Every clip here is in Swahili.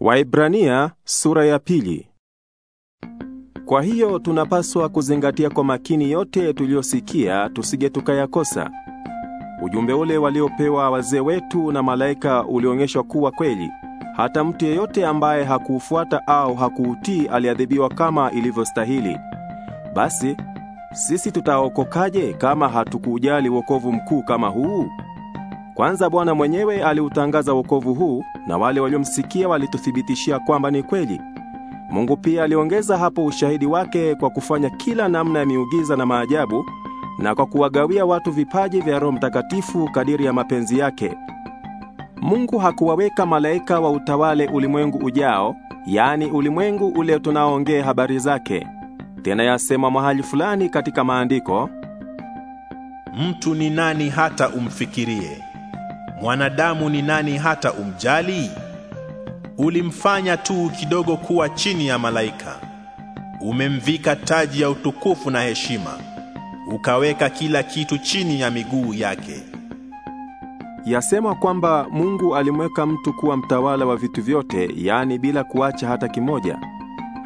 Waibrania sura ya pili. Kwa hiyo tunapaswa kuzingatia kwa makini yote tuliyosikia tusije tukayakosa. Ujumbe ule waliopewa wazee wetu na malaika ulionyeshwa kuwa kweli. Hata mtu yeyote ambaye hakuufuata au hakuutii aliadhibiwa kama ilivyostahili. Basi sisi tutaokokaje kama hatukujali wokovu mkuu kama huu? Kwanza Bwana mwenyewe aliutangaza wokovu huu na wale waliomsikia walituthibitishia kwamba ni kweli. Mungu pia aliongeza hapo ushahidi wake kwa kufanya kila namna ya miujiza na maajabu na kwa kuwagawia watu vipaji vya Roho Mtakatifu kadiri ya mapenzi yake. Mungu hakuwaweka malaika wa utawale ulimwengu ujao, yaani ulimwengu ule tunaoongea habari zake. Tena yasema mahali fulani katika maandiko, mtu ni nani hata umfikirie? mwanadamu ni nani hata umjali? Ulimfanya tu kidogo kuwa chini ya malaika, umemvika taji ya utukufu na heshima, ukaweka kila kitu chini ya miguu yake. Yasema kwamba Mungu alimweka mtu kuwa mtawala wa vitu vyote, yaani bila kuacha hata kimoja.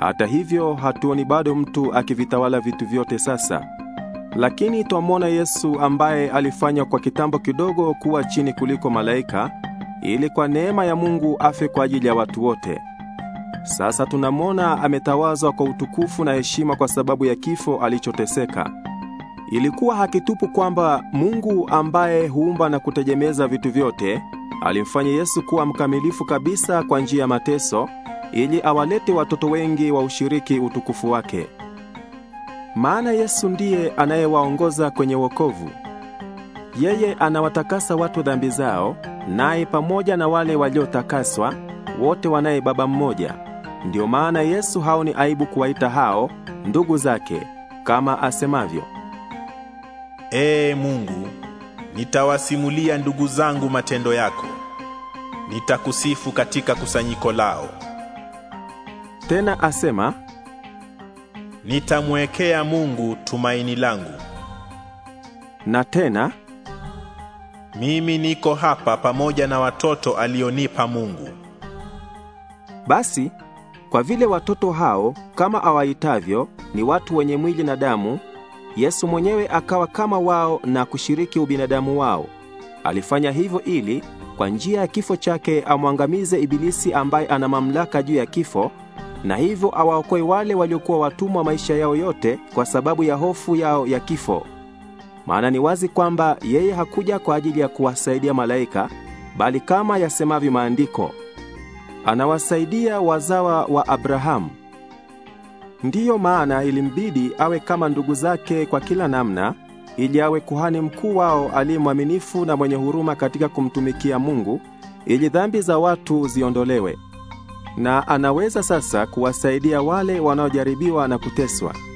Hata hivyo, hatuoni bado mtu akivitawala vitu vyote sasa. Lakini twamwona Yesu ambaye alifanywa kwa kitambo kidogo kuwa chini kuliko malaika ili kwa neema ya Mungu afe kwa ajili ya watu wote. Sasa tunamwona ametawazwa kwa utukufu na heshima kwa sababu ya kifo alichoteseka. Ilikuwa hakitupu kwamba Mungu ambaye huumba na kutegemeza vitu vyote alimfanya Yesu kuwa mkamilifu kabisa kwa njia ya mateso ili awalete watoto wengi wa ushiriki utukufu wake maana Yesu ndiye anayewaongoza kwenye wokovu. Yeye anawatakasa watu dhambi zao, naye pamoja na wale waliotakaswa wote wanaye Baba mmoja. ndio maana Yesu haoni aibu kuwaita hao ndugu zake, kama asemavyo, Ee Mungu, nitawasimulia ndugu zangu matendo yako, nitakusifu katika kusanyiko lao. Tena asema nitamwekea Mungu tumaini langu. Na tena mimi niko hapa pamoja na watoto alionipa Mungu. Basi kwa vile watoto hao kama awaitavyo ni watu wenye mwili na damu, Yesu mwenyewe akawa kama wao na kushiriki ubinadamu wao. Alifanya hivyo ili kwa njia ya kifo chake amwangamize ibilisi ambaye ana mamlaka juu ya kifo na hivyo awaokoe wale waliokuwa watumwa maisha yao yote kwa sababu ya hofu yao ya kifo. Maana ni wazi kwamba yeye hakuja kwa ajili ya kuwasaidia malaika, bali kama yasemavyo maandiko, anawasaidia wazawa wa Abrahamu. Ndiyo maana ilimbidi awe kama ndugu zake kwa kila namna, ili awe kuhani mkuu wao aliye mwaminifu na mwenye huruma katika kumtumikia Mungu, ili dhambi za watu ziondolewe na anaweza sasa kuwasaidia wale wanaojaribiwa na kuteswa.